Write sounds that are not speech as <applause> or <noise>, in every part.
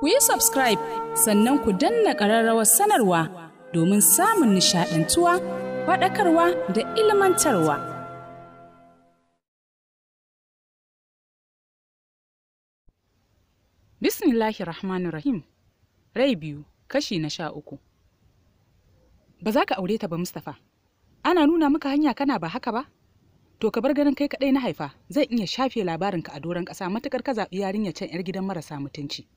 ku yi subscribe sannan ku danna ƙararrawar sanarwa domin samun nishaɗantuwa faɗakarwa da ilmantarwa. Bismillahir Rahmanir Rahim Rai biyu kashi na sha uku Ba za ka aure ta ba Mustapha, ana nuna maka hanya kana ba haka ba? To ka bar ganin kai kaɗai na haifa zan iya shafe labarinka a doron ƙasa matuƙar ka zaɓi yarinya can 'yar gidan marasa mutunci.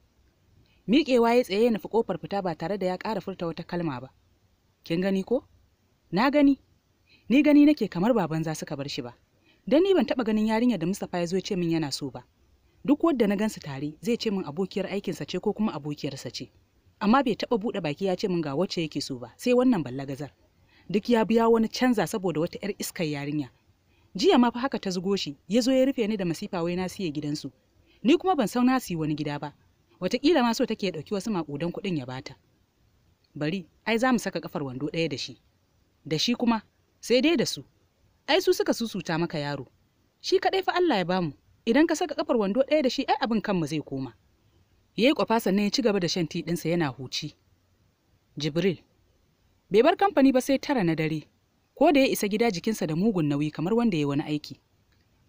miƙewa ya tsaye ya nufi ƙofar fita ba tare da ya ƙara furta wata kalma ba kin gani ko na gani ni gani nake kamar baban za suka bar shi ba dan ni ban taɓa ganin yarinyar da Mustapha ya zo ce min yana so ba duk wanda na gansu tare zai ce min abokiyar aikinsa ce ko kuma abokiyarsa ce amma bai taɓa buɗe baki ya ce min ga wacce yake so ba sai wannan ballagazar duk ya biya wani canza saboda wata 'yar iskar yarinya jiya ma fa haka ta zugo shi ya zo ya rufe ni da masifa wai na siye gidansu ni kuma ban san na siyi wani gida ba wataƙila ma so take ya ɗauki wasu makudan kuɗin ya bata bari ai za mu saka kafar wando ɗaya da shi da shi kuma sai dai da su ai su suka susuta maka yaro shi kaɗai fa Allah ya bamu idan ka saka kafar wando ɗaya da shi ai abin kanmu zai koma yayi kwafa sannan ya ci gaba da shan ti ɗinsa yana huci jibril bai bar kamfani ba sai tara na dare ko da ya isa gida jikinsa da mugun nauyi kamar wanda ya wani aiki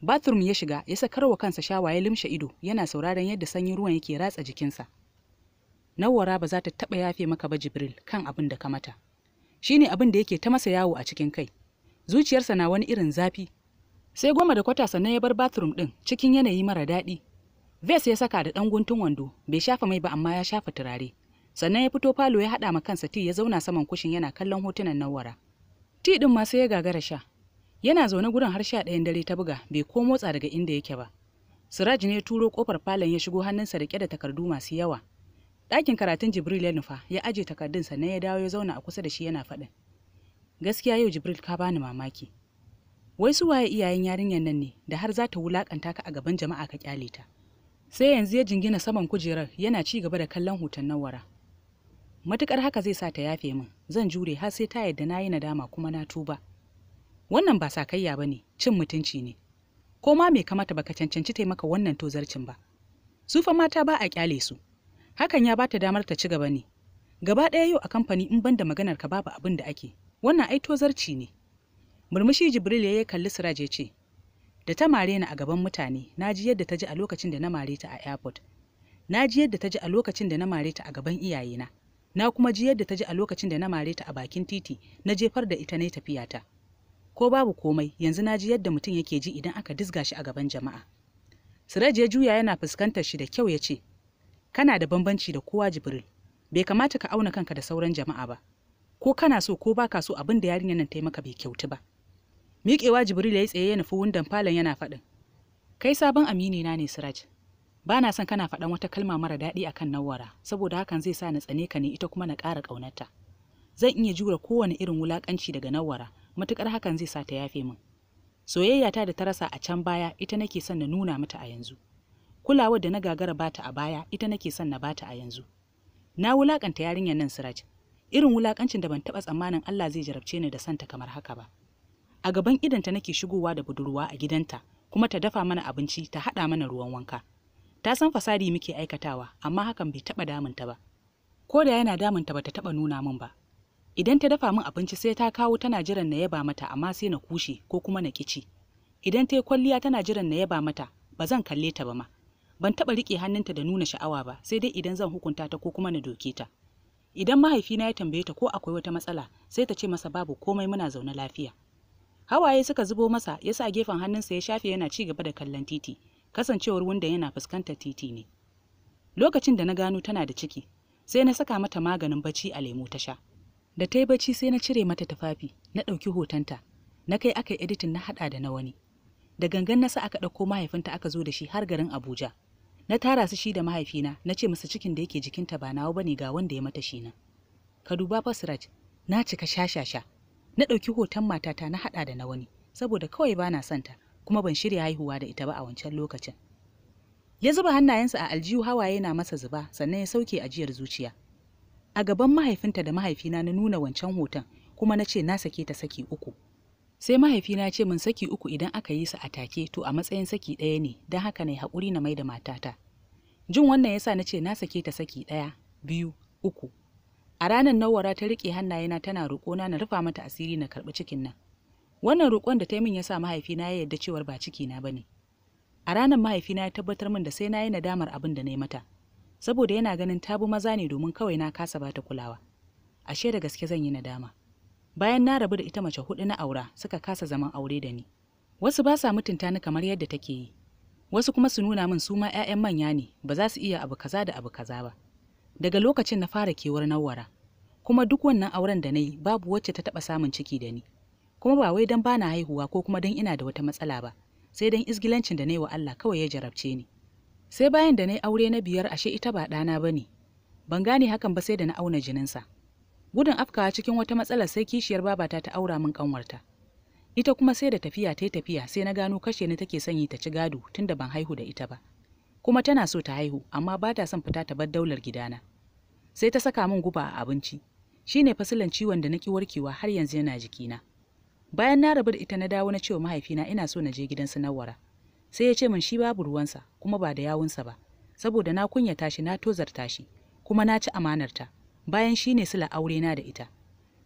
Bathroom ya shiga ya sakarwa kansa shawa ya limshe ido yana sauraron yadda sanyin ruwan yake ratsa jikinsa. Nawara ba za ta taɓa yafe maka ba Jibril kan abin da ka mata. Shi ne abin da yake ta masa yawo a cikin kai. Zuciyarsa na wani irin zafi. Sai goma da kwata sannan ya bar bathroom ɗin cikin yanayi mara daɗi. Ves ya saka da ɗan guntun wando bai shafa mai ba amma ya shafa turare. Sannan ya fito falo ya haɗa ma kansa ti ya zauna saman kushin yana kallon hotunan Nawara. Ti ɗin ma sai ya gagara sha yana zaune gurin har sha ɗayan dare ta buga bai ko motsa daga inda yake ba siraj ne turo kofar falon ya shigo hannunsa rike da takardu masu yawa ɗakin karatun jibril ya nufa ya aje takardun na ya dawo ya zauna a kusa da shi yana faɗin gaskiya yau jibril ka bani mamaki wai su waye iyayen yarinyar nan ne da har za ta wulakanta ka a gaban jama'a ka kyale ta sai yanzu ya jingina saman kujerar yana ci gaba da kallon hoton wara. matukar haka zai sa ta yafe min zan jure har sai ta yadda na yi nadama kuma na tuba wannan ba sakayya ba ne cin mutunci ne ko ma mai kamata baka cancanci taimaka wannan tozarcin ba su fa mata ba a kyale su hakan ya bata damar ta ci gaba ne gaba ɗaya yau a kamfani in banda maganar ka babu abin da ake wannan ai tozarci ne murmushi jibril ya kalli siraj ya ce da ta mare ni a gaban mutane na ji yadda ta ji a lokacin da na mare ta a airport na ji yadda ta ji a lokacin da na mare ta a gaban iyayena na kuma ji yadda ta ji a lokacin da na mare ta a bakin titi na jefar da ita na tafiya ta. ko babu komai yanzu na ji yadda mutum yake ji idan aka dizga shi a gaban jama'a siraj ya juya yana fuskantar shi da kyau ya ce kana da bambanci da kowa jibril bai kamata ka auna kanka da sauran jama'a ba ko kana so ko baka so abin da yarinyar nan ta maka bai kyautu ba miƙewa jibril ya yi tsaye ya nufi wundan falon yana faɗin kai sabon amini na ne siraj ba na son kana faɗan wata kalma mara daɗi a kan nawara saboda hakan zai sa na tsane ka ne ita kuma na ƙara ƙaunarta zan iya jura kowane irin wulaƙanci daga nawara matuƙar hakan zai sa ta yafe min soyayya ta da ta rasa a can baya ita nake son na nuna mata a yanzu kulawar da na gagara bata a baya ita nake son na bata a yanzu na wulakanta yarinyar nan siraj irin wulakancin da ban taɓa tsammanin Allah zai jarabce ni da santa kamar haka ba a gaban idanta nake shigowa da budurwa a gidanta kuma ta dafa mana abinci ta haɗa mana ruwan wanka ta san fasari muke aikatawa amma hakan bai taɓa damunta ba ko da yana damunta bata taɓa nuna min ba idan ta dafa min abinci sai ta kawo tana jiran na yaba mata amma sai na kushe ko kuma na kici idan ta yi kwalliya tana jiran na yaba mata ba zan kalle ta ba ma ban taɓa riƙe hannunta da nuna sha'awa ba sai dai idan zan hukunta ta ko kuma na doke ta idan mahaifina ya tambaye ta ko akwai wata matsala sai ta ce masa babu komai muna zaune lafiya hawaye suka zubo masa ya sa gefen hannunsa ya shafe yana ci gaba da kallon titi kasancewar wanda yana fuskantar titi ne lokacin da na gano tana da ciki sai na saka mata maganin bacci a lemu ta sha da ta yi bacci sai na cire mata tufafi na ɗauki hotonta na kai aka editin na haɗa da na wani da gangan na sa aka ɗauko mahaifinta aka zo da shi har garin abuja na tara su shi da mahaifina na ce masa cikin da yake jikinta ba nawa bane ga wanda ya mata shi na ka duba fa siraj na cika shashasha na ɗauki hoton matata na haɗa da na wani saboda kawai bana santa kuma ban shirya haihuwa da ita ba a wancan lokacin ya zuba hannayensa a aljihu hawaye na masa zuba sannan ya sauke ajiyar zuciya a gaban mahaifinta da mahaifina na nuna wancan hoton kuma na ce na sake ta saki uku sai mahaifina ce min saki uku idan aka yi su a take to a matsayin saki ɗaya ne don haka na haƙuri na mai da matata jin wannan yasa na ce na sake ta saki ɗaya biyu uku a ranar nawara ta riƙe hannayena tana roƙona na rufa mata asiri na karɓi cikin nan wannan roƙon da ta yi min ya mahaifina ya yarda cewar ba ciki na ba ne a ranar mahaifina ya tabbatar min da sai na yi nadamar abin da na yi mata saboda yana ganin tabu maza ne domin kawai na kasa bata kulawa ashe da gaske zan yi nadama bayan na rabu da ita mace hudu na aura suka kasa zaman aure da ni wasu ba sa mutunta ni kamar yadda take yi wasu kuma su nuna min su ma 'ya'yan manya ne ba za su iya abu kaza da abu kaza ba daga lokacin na fara kewar nawara kuma duk wannan auren da na yi babu wacce ta taɓa samun ciki da ni kuma ba wai don bana haihuwa ko kuma don ina da wata matsala ba sai don izgilancin da nayi wa Allah kawai ya jarabce ni sai bayan da na yi aure na biyar ashe ita ba ɗana ba ne ban gane hakan ba sai da na auna jininsa gudun afkawa cikin wata matsalar sai kishiyar babata ta aura min kanwarta ita kuma sai da tafiya ta tafiya sai na gano kashe ni take son yi ta ci gado tun da ban haihu da ita ba kuma tana so ta haihu amma ba ta son fita ta bar daular gidana sai ta saka min guba a abinci shine fasilan ciwon da na ki warkewa har yanzu yana jikina bayan na rabu da ita na dawo na cewa mahaifina ina so na je gidan sanarwara sai ya ce min shi babu ruwansa kuma ba da yawunsa ba saboda na kunyata shi na tozarta shi kuma na ci amanarta bayan shi ne sila aure na da ita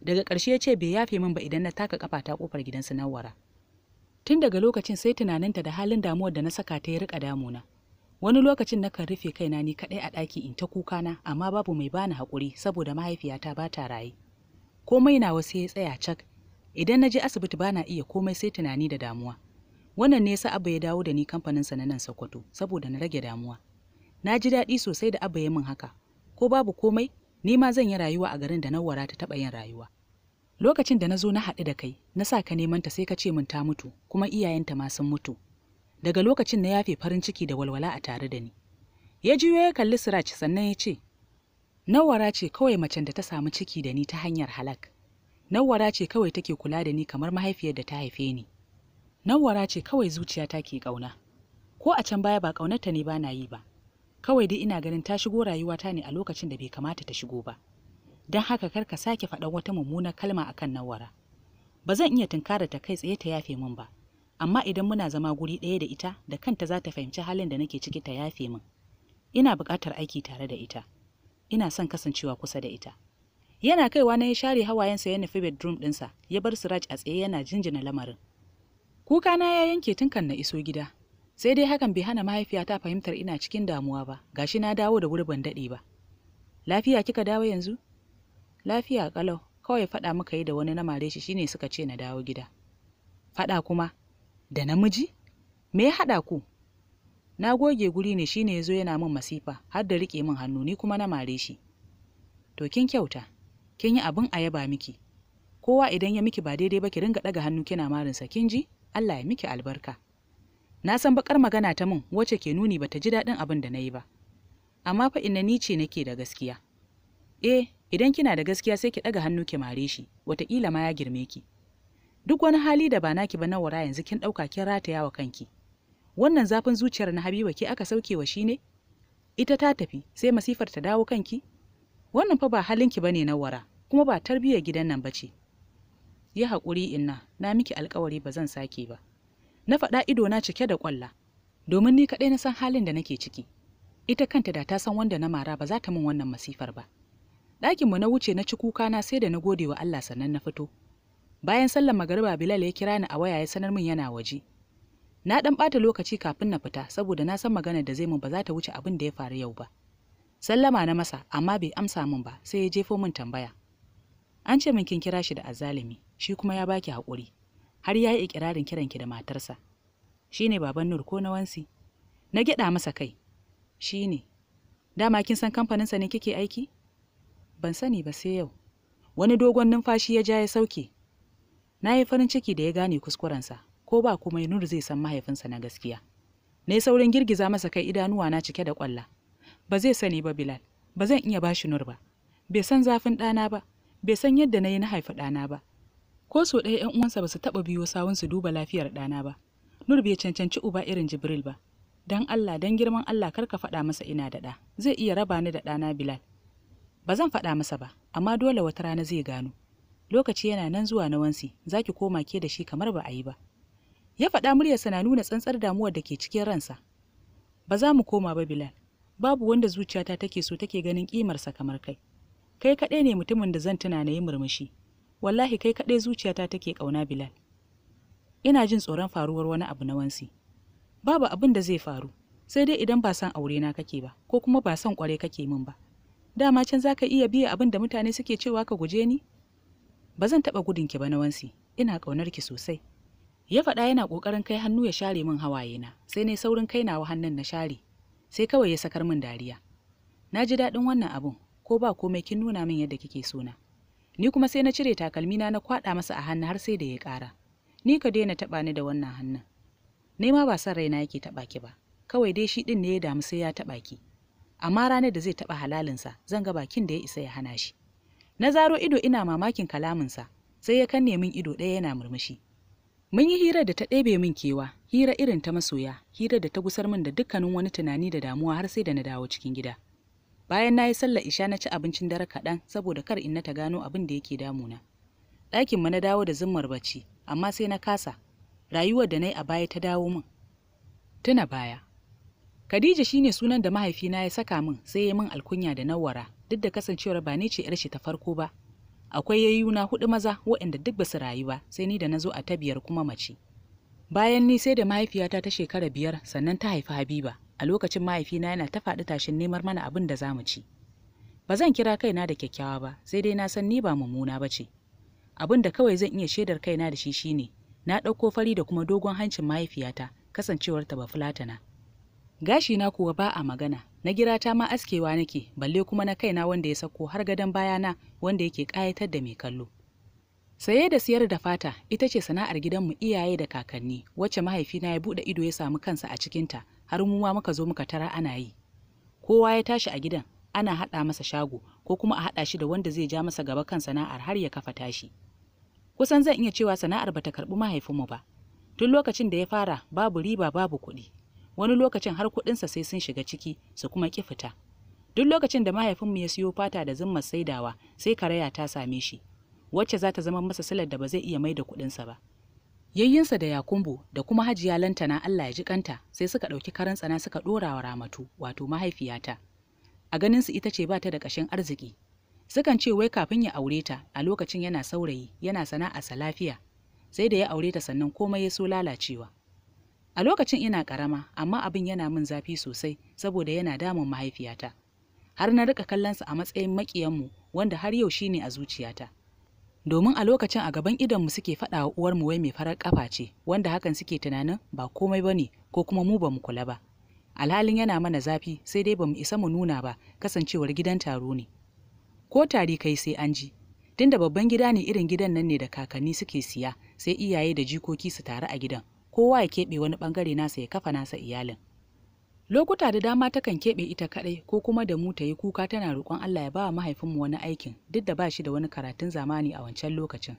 daga ƙarshe ya ce bai yafe min ba idan na taka kafa ta kofar gidansu nawara tun daga lokacin sai tunaninta da halin damuwar da na saka ta ya rika damuna wani lokacin nakan rufe kaina ni kaɗai a ɗaki in ta kuka na, amma babu mai bani haƙuri saboda mahaifiyata ba ta raye komai na wasu ya tsaya cak idan na je asibiti bana iya komai sai tunani da damuwa wannan ne sa abba ya dawo da ni kamfanin sa na nan Sokoto saboda na rage damuwa na ji daɗi sosai da abba ya min haka ko babu komai ni ma zan yi rayuwa a garin da Nawwara ta taɓa yin rayuwa lokacin da na zo na haɗu da kai na sa ka neman ta sai ka ce min ta mutu kuma iyayenta ma sun mutu daga lokacin na yafe farin ciki da walwala a tare da ni ya juyo ya kalli siraj sannan ya ce nawara ce kawai macen da ta samu ciki da ni ta hanyar halak nawara ce kawai take kula da ni kamar mahaifiyar da ta haife ni Nawara ce kawai zuciyata ke ƙauna. Ko a can baya ba ƙaunarta ne ba na yi ba. Kawai dai ina ganin ta shigo rayuwata ne a lokacin da bai kamata ta shigo ba. Don haka kar ka sake faɗan wata mummunar kalma a akan Nawara. Ba zan iya tunkara ta kai tsaye ta yafe min ba. Amma idan muna zama guri ɗaya da ita da kanta za ta fahimci halin da nake ciki ta yafe min. Ina buƙatar aiki tare da ita. Ina son kasancewa kusa da ita. Yana kaiwa na ya share hawayensa ya nufi bedroom ɗinsa, ya bar Siraj a tsaye yana jinjina lamarin. Kukana ya yanke tun kan na iso gida. Sai dai hakan bai hana mahaifiyata fahimtar ina cikin damuwa ba, gashi na dawo da wuri ban daɗe ba. Lafiya kika dawo yanzu? Lafiya kalau, kawai faɗa muka yi da wani na mare shi shine suka ce na dawo gida. Faɗa kuma, da namiji? Me ya haɗa ku? Na goge guri ne shine yazo yana min masifa, har da rike min hannu ni kuma na mare shi. To kin kyauta, kin yi abin a yaba miki. Kowa idan ya miki ba daidai ba ki ringa ɗaga hannu kina marinsa, kin ji? Allah ya miki albarka na san bakar magana ta min wacce ke nuni ba ta ji daɗin abin da na yi ba amma fa ina ni ce nake da gaskiya eh idan kina da gaskiya sai ki ɗaga hannu ki mare shi wataƙila ma ya girme ki duk wani hali da ba naki ba na wara yanzu kin ɗauka kin rataya wa kanki wannan zafin zuciyar na habiba ke aka sauke wa shi ne ita ta tafi sai masifar ta dawo kanki wannan fa ba halinki bane na wara kuma ba tarbiyyar gidan nan ba ce. yi haƙuri inna na miki alƙawari ba zan sake ba na faɗa ido na cike da ƙwalla domin ni kaɗai na san halin da nake ciki ita kanta da ta san wanda na mara ba za ta min wannan masifar ba ɗakinmu na wuce na ci kuka na sai da na gode wa Allah sannan na fito bayan sallar magariba Bilal ya kira ni a waya ya sanar min yana waje na ɗan ɓata lokaci kafin na fita saboda na san maganar da zai mun ba za ta wuce abin da ya faru yau ba sallama na masa amma bai amsa min ba sai ya jefo min tambaya an ce min kin kira shi da azalimi shi kuma ya baki hakuri. har ya yi ikirarin kiran ki da matarsa shi ne baban nur ko na wansi na gyaɗa masa kai shi ne dama kin san kamfaninsa ne kike aiki ban sani ba sai yau wani dogon numfashi ya ja ya sauke na yi farin ciki da ya gane kuskurensa ko ba komai nur zai san mahaifinsa na gaskiya na saurin girgiza masa kai idanuwa na cike da ƙwalla ba zai sani ba bilal ba zan iya bashi nur ba bai san zafin ɗana ba bai san yadda na yi na haifi ɗana ba ko so ɗaya yan uwansa ba su taɓa biyo sawun su duba lafiyar ɗana ba nur bai cancanci uba irin jibril ba dan allah dan girman allah kar ka faɗa masa ina da ɗa zai iya raba ni da ɗana bilal ba zan faɗa masa ba amma dole wata rana zai gano lokaci yana nan zuwa na wansi za ki koma ke da shi kamar ba a yi ba ya faɗa muryarsa na nuna tsantsar damuwar da ke cikin ransa ba za mu koma ba bilal babu wanda zuciyata take so take ganin kimarsa kamar kai kai kaɗai ne mutumin da zan tuna na yi murmushi wallahi kai kaɗai zuciyata take ƙauna bilal ina jin tsoron faruwar wani abu na wansi babu abin da zai faru sai dai idan ba san aure na kake ba ko kuma ba san kware kake min ba dama can za ka iya biya abin da mutane suke cewa ka guje ni ba zan taɓa gudun ki ba na wansi ina ƙaunar ki sosai ya faɗa yana ƙoƙarin kai hannu ya share min hawaye na sai ne saurin kai nawa hannun na share sai kawai ya sakar min dariya na ji daɗin wannan abun ko ba komai kin nuna min yadda kike sona ni kuma sai na cire takalmina na kwaɗa masa a hannu har sai da ya ƙara ni ka daina taɓa ni da wannan hannun ne ma ba san raina yake taɓa ki ba kawai dai shi ɗin ne ya damu sai ya taɓa ki amma ranar da zai taɓa halalinsa zan ga bakin da ya isa ya hana shi na zaro ido ina mamakin kalaminsa sai ya kanne min ido ɗaya yana murmushi mun yi hira da ta ɗebe min kewa hira irin ta masoya hira da ta gusar min da dukkanin wani tunani da damuwa har sai da na dawo cikin gida Bayan na yi sallar isha na ci abincin dare kaɗan saboda kar in nata ta gano abin da yake damuna. Ɗakin ma na dawo da zimmar bacci, amma sai na kasa. Rayuwar da na yi a baya ta dawo min. Tuna baya. Khadija shine sunan da mahaifina ya saka min sai ya min alkunya da nawara duk da kasancewar ba ni ce 'yar shi ta farko ba. Akwai yayyuna hudu maza waɗanda duk ba su rayu ba sai ni da na zo a ta biyar kuma mace. Bayan ni sai da mahaifiyata ta shekara biyar sannan ta haifi Habiba. a lokacin mahaifina yana ta faɗi tashin neman mana abin da za mu ci ba zan kira kaina da kyakkyawa ba sai dai na san ni ba mummuna ba ce abin da kawai zan iya shaidar kaina da shi shine na ɗauko fari da kuma dogon hancin mahaifiyata kasancewarta ta ba fulatana gashi na kuwa ba a magana na gira ta ma askewa nake balle kuma na kaina wanda ya sako har gadon bayana wanda yake ƙayatar da mai kallo saye da siyar da fata ita ce sana'ar gidanmu iyaye da kakanni wacce mahaifina ya buɗe ido ya samu kansa a cikinta har mu ma muka zo muka tara ana yi kowa ya tashi a gidan ana haɗa masa shago ko kuma a haɗa shi da wanda zai ja masa gaba kan sana'ar har ya kafa tashi kusan zan iya cewa sana'ar bata karɓi mahaifinmu ba tun lokacin da ya fara babu riba babu kuɗi wani lokacin har kuɗinsa sai sun shiga ciki su kuma ƙi fita duk lokacin da mahaifinmu ya siyo fata da zimmar saidawa sai karaya ta same shi wacce za ta zama masa silar da ba zai iya mai da kuɗinsa ba yayyinsa da yakumbo da kuma hajiya lantana allah ya ji kanta sai suka ɗauki karan tsana suka ɗora wa ramatu wato mahaifiyata a ganinsu ita ce ba ta da ƙashin arziki sukan ce wai kafin ya aure ta a lokacin yana saurayi yana sana'arsa lafiya sai da ya aure ta sannan komai ya so lalacewa a lokacin ina karama amma abin yana min zafi sosai saboda yana damun mahaifiyata har na rika kallonsa a matsayin maƙiyanmu wanda har yau shine a zuciyata domin a lokacin a gaban idonmu suke faɗa wa uwarmu wai mai farar kafa ce wanda hakan suke tunanin ba komai ba ne ko kuma mu ba mu kula ba alhalin yana mana zafi sai dai ba mu isa mu nuna ba kasancewar gidan taro ne ko tari kai sai an ji tunda babban gida ne irin gidan nan ne da kakanni suke siya sai iyaye da jikoki su taru a gidan kowa ya keɓe wani ɓangare nasa ya kafa nasa iyalin lokuta da dama takan keɓe ita kaɗai ko kuma da mu ta yi kuka tana roƙon allah ya ba wa mahaifinmu wani aikin duk da ba shi da wani karatun zamani a wancan lokacin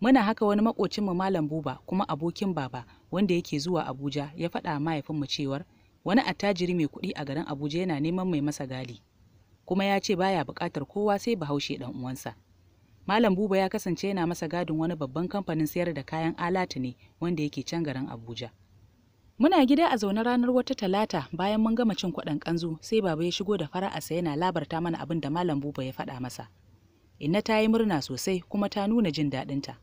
muna haka wani makocinmu malam buba kuma abokin baba wanda yake zuwa abuja ya faɗa mahaifinmu cewar wani attajiri mai kuɗi a garin abuja yana neman mai masa gali kuma ya ce baya buƙatar kowa sai bahaushe ɗan uwansa malam buba ya kasance yana masa gadin wani babban kamfanin sayar da kayan alatu ne wanda yake can garin abuja Muna gida a zaune ranar wata talata bayan mun gama cin kwaɗan kanzu sai baba ya shigo da sai yana labarta mana abin da malam buba ya faɗa masa. Inna ta yi murna sosai kuma ta nuna jin daɗinta.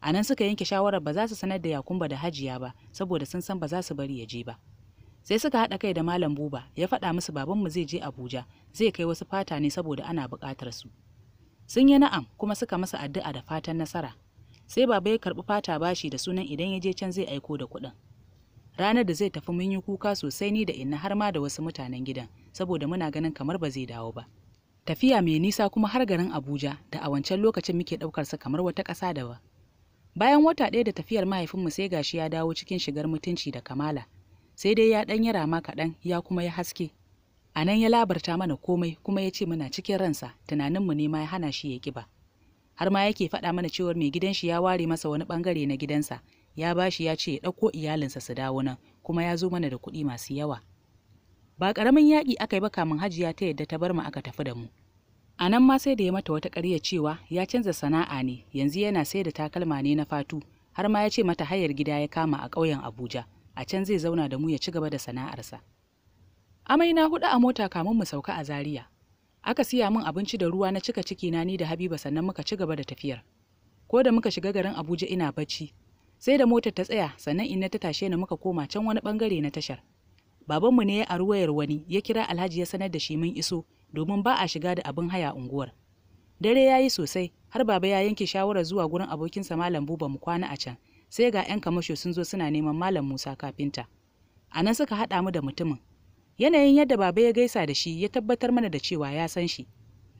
A nan suka yanke shawarar ba za su sanar da Yakumba da Hajiya ba saboda sun san ba za su bari ya je ba. Sai suka haɗa kai da malam buba ya faɗa musu babanmu zai je Abuja zai kai wasu fata ne saboda ana buƙatar su. Sun yi na'am kuma suka masa addu'a da fatan nasara. Sai baba ya karɓi fata bashi da sunan idan ya je can zai aiko da kuɗin. ranar da zai tafi mun yi kuka sosai ni da inna har ma da wasu mutanen gidan saboda muna ganin kamar ba zai dawo ba tafiya mai nisa kuma har garin abuja da a wancan lokacin muke ɗaukar sa kamar wata ƙasa da ba bayan wata ɗaya da tafiyar mahaifinmu sai gashi ya dawo cikin shigar mutunci da kamala sai dai ya ɗan yi rama kaɗan ya kuma ya haske a nan ya labarta mana komai kuma ya ce muna cikin ransa tunaninmu ne ma ya hana shi ya ƙiba har ma yake faɗa mana cewar mai gidan shi ya ware masa wani ɓangare na gidansa ya bashi ya ce ya ɗauko iyalinsa su dawo nan kuma ya zo mana da kuɗi masu yawa ba ƙaramin yaƙi aka yi ba kamin hajiya ta yadda ta bar mu aka tafi da mu a nan ma sai da ya mata wata ƙarya cewa ya canza sana'a ne yanzu yana sai da takalma ne na fatu har ma ya ce mata hayar gida ya kama a ƙauyen abuja a can zai zauna da mu ya ci gaba da sana'arsa amai na huɗu a mota kamin mu sauka a zaria aka siya min abinci da ruwa na cika ciki na ni da habiba sannan muka ci gaba da tafiyar ko da muka shiga garin abuja ina bacci sai da motar ta tsaya sannan inna ta tashe ni muka koma can wani bangare na tashar babanmu ne ya aru wayar wani ya kira alhaji ya sanar da shi mun iso domin ba a shiga da abin haya unguwar dare ya yi sosai har baba ya yanke shawarar zuwa gurin abokinsa malam buba mu kwana a can sai ga 'yan kamasho sun zo suna neman malam musa kafinta a nan suka haɗa mu da mutumin yanayin yadda baba ya gaisa da shi ya tabbatar mana da cewa ya san shi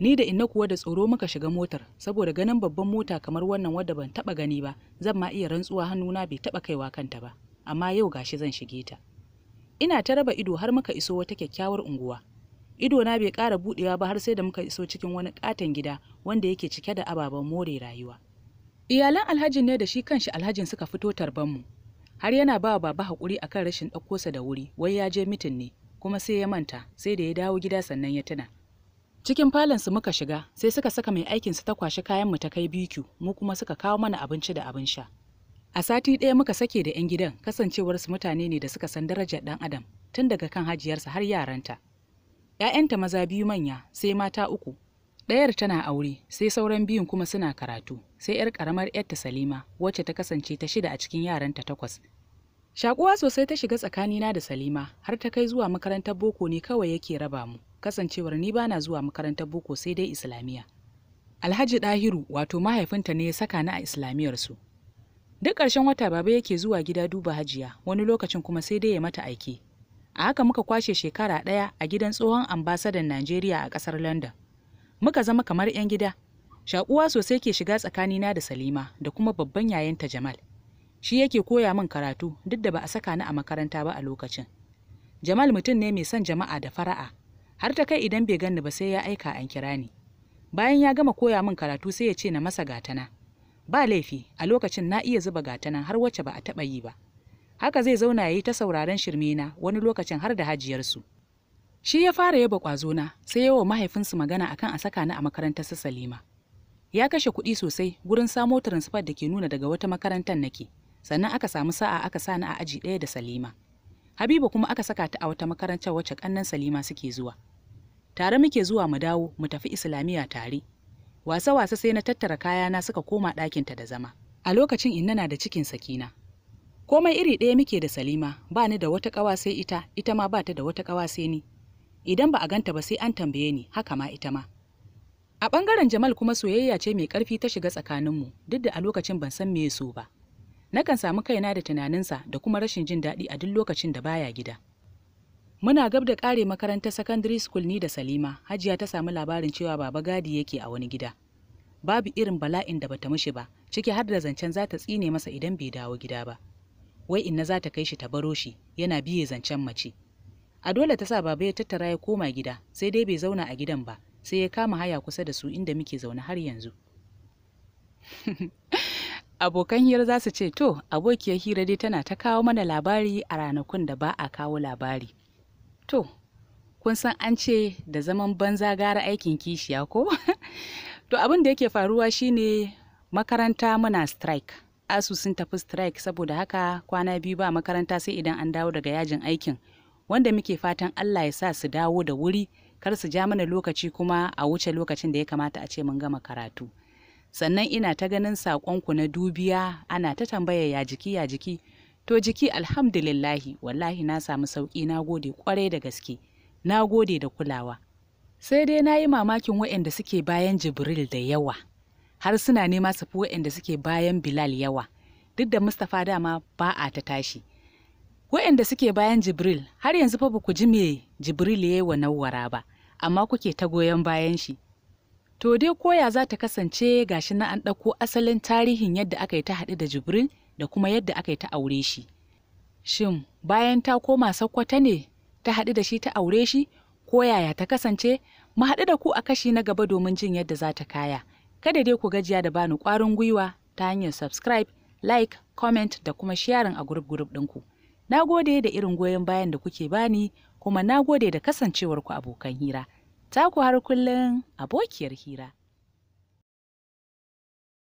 Ni da inna kuwa da tsoro muka shiga motar saboda ganin babban mota kamar wannan wadda ban taba gani ba zan ma iya rantsuwa hannuna bai taba kaiwa kanta ba amma yau gashi zan shige ta. Ina ta raba ido har muka iso wata kyakkyawar unguwa. Ido na bai ƙara buɗewa ba har sai da muka iso cikin wani katon gida wanda yake cike da ababen more rayuwa. Iyalan alhajin ne da shi kanshi alhajin suka fito tarban mu. Har yana ba baba hakuri akan rashin ɗauko da wuri, wai ya je mitin ne, kuma sai ya manta, sai da ya dawo gida sannan ya tuna. cikin su muka shiga sai suka saka mai aikinsu ta kwashi kayan mu ta kai BQ mu kuma suka kawo mana abinci da abin sha a sati ɗaya muka sake da 'yan gidan kasancewarsu mutane ne da suka san darajar ɗan adam tun daga kan hajiyarsa har yaranta 'ya'yanta maza biyu manya sai mata uku ɗayar tana aure sai sauran biyun kuma suna karatu sai 'yar ƙaramar 'yarta salima wacce ta kasance ta shida a cikin yaranta takwas shakuwa sosai ta shiga tsakanina da salima har ta kai zuwa makarantar boko ne kawai yake raba mu kasancewar ni bana zuwa makarantar boko sai dai islamiyya alhaji dahiru wato mahaifinta ne ya saka ni a islamiyar su duk ƙarshen wata baba yake zuwa gida duba hajiya wani lokacin kuma sai dai ya mata aiki a haka muka kwashe shekara ɗaya a gidan tsohon ambasadan najeriya a ƙasar london muka zama kamar 'yan gida shakuwa sosai ke shiga tsakanina da salima da kuma babban yayanta jamal shi yake koya min karatu duk da ba a saka ni a makaranta ba a lokacin jamal mutum ne mai son jama'a da fara'a har ta kai idan bai ganni ba sai ya aika an kira ni bayan ya gama koya min karatu sai ya ce na masa gatana ba laifi a lokacin na iya zuba gatana har wacce ba a taɓa yi ba haka zai zauna ya yi ta sauraron na wani lokacin har da hajiyarsu shi ya fara yaba na, sai yawa mahaifinsu magana akan a saka ni a makarantar su salima ya kashe kuɗi sosai gurin samo transfer da ke nuna daga wata makarantar nake sannan aka samu sa'a aka sa ni a aji ɗaya da salima habiba kuma aka saka ta a wata makarantar wacce ƙannan salima suke zuwa tare muke zuwa mu dawo mu tafi islamiyya tare wasa-wasa sai na tattara kayana suka koma ɗakinta da zama a lokacin inna na da cikin sakina komai iri ɗaya muke da salima ba ni da wata ƙawa sai ita ita ma ba ta da wata ƙawa sai ni idan ba a ganta ba sai an tambaye ni haka ma ita ma a ɓangaren jamal kuma soyayya ce mai ƙarfi ta shiga tsakaninmu duk da a lokacin ban san me so ba nakan samu kaina da tunaninsa da kuma rashin jin daɗi a duk lokacin da baya gida Muna gab da kare makarantar secondary school ni da Salima, Hajiya ta samu labarin cewa Baba Gadi yake a wani gida. Babu irin bala'in da bata mishi ba, ciki har da zancen za ta tsine masa idan bai dawo gida ba. Wai inna za ta kai shi ta baro shi, yana biye zancen mace. A dole ta sa Baba ya tattara ya koma gida, sai dai bai zauna a gidan ba, sai ya kama haya kusa da su inda muke zaune har yanzu. <laughs> Abokan hira za su ce, To, abokiyar hira dai tana ta kawo mana labari a ranakun da ba a kawo labari. To, kun san an ce da zaman banza gara aikin kishiya ko? <laughs> to abin da yake faruwa shine makaranta muna strike. Asu sun tafi strike saboda haka kwana biyu ba makaranta sai idan an dawo daga yajin aikin. Wanda muke fatan Allah ya sa su dawo da wuri kar su ja mana lokaci kuma a wuce lokacin da ya kamata a ce mun gama karatu. Sannan ina ta ganin saƙonku na dubiya ana ta tambaya ya jiki ya jiki. to jiki alhamdulillahi wallahi na samu sauƙi na gode ƙwarai da gaske na gode da kulawa sai dai na yi mamakin waɗanda suke bayan jibril da yawa har suna nema su fi waɗanda suke bayan bilal yawa duk da mustapha dama ba a ta tashi waɗanda suke bayan jibril har yanzu fa ku ji me jibril ya yi wa nawwara ba amma kuke ta goyon bayan shi to dai koya za ta kasance gashi na an ɗauko asalin tarihin yadda aka yi ta haɗu da jibril da kuma yadda aka yi ta aure shi shin bayan ta koma sakkwata ne ta haɗu da shi ta aure shi ko yaya ta kasance mu haɗu da ku a kashi na gaba domin jin yadda za ta kaya kada dai ku gajiya da bani ƙwarin gwiwa ta hanyar subscribe like comment da kuma sharing a gurub-gurub group ɗinku na gode da irin goyon bayan da kuke bani kuma na gode da kasancewarku abokan hira ta ku har kullum abokiyar hira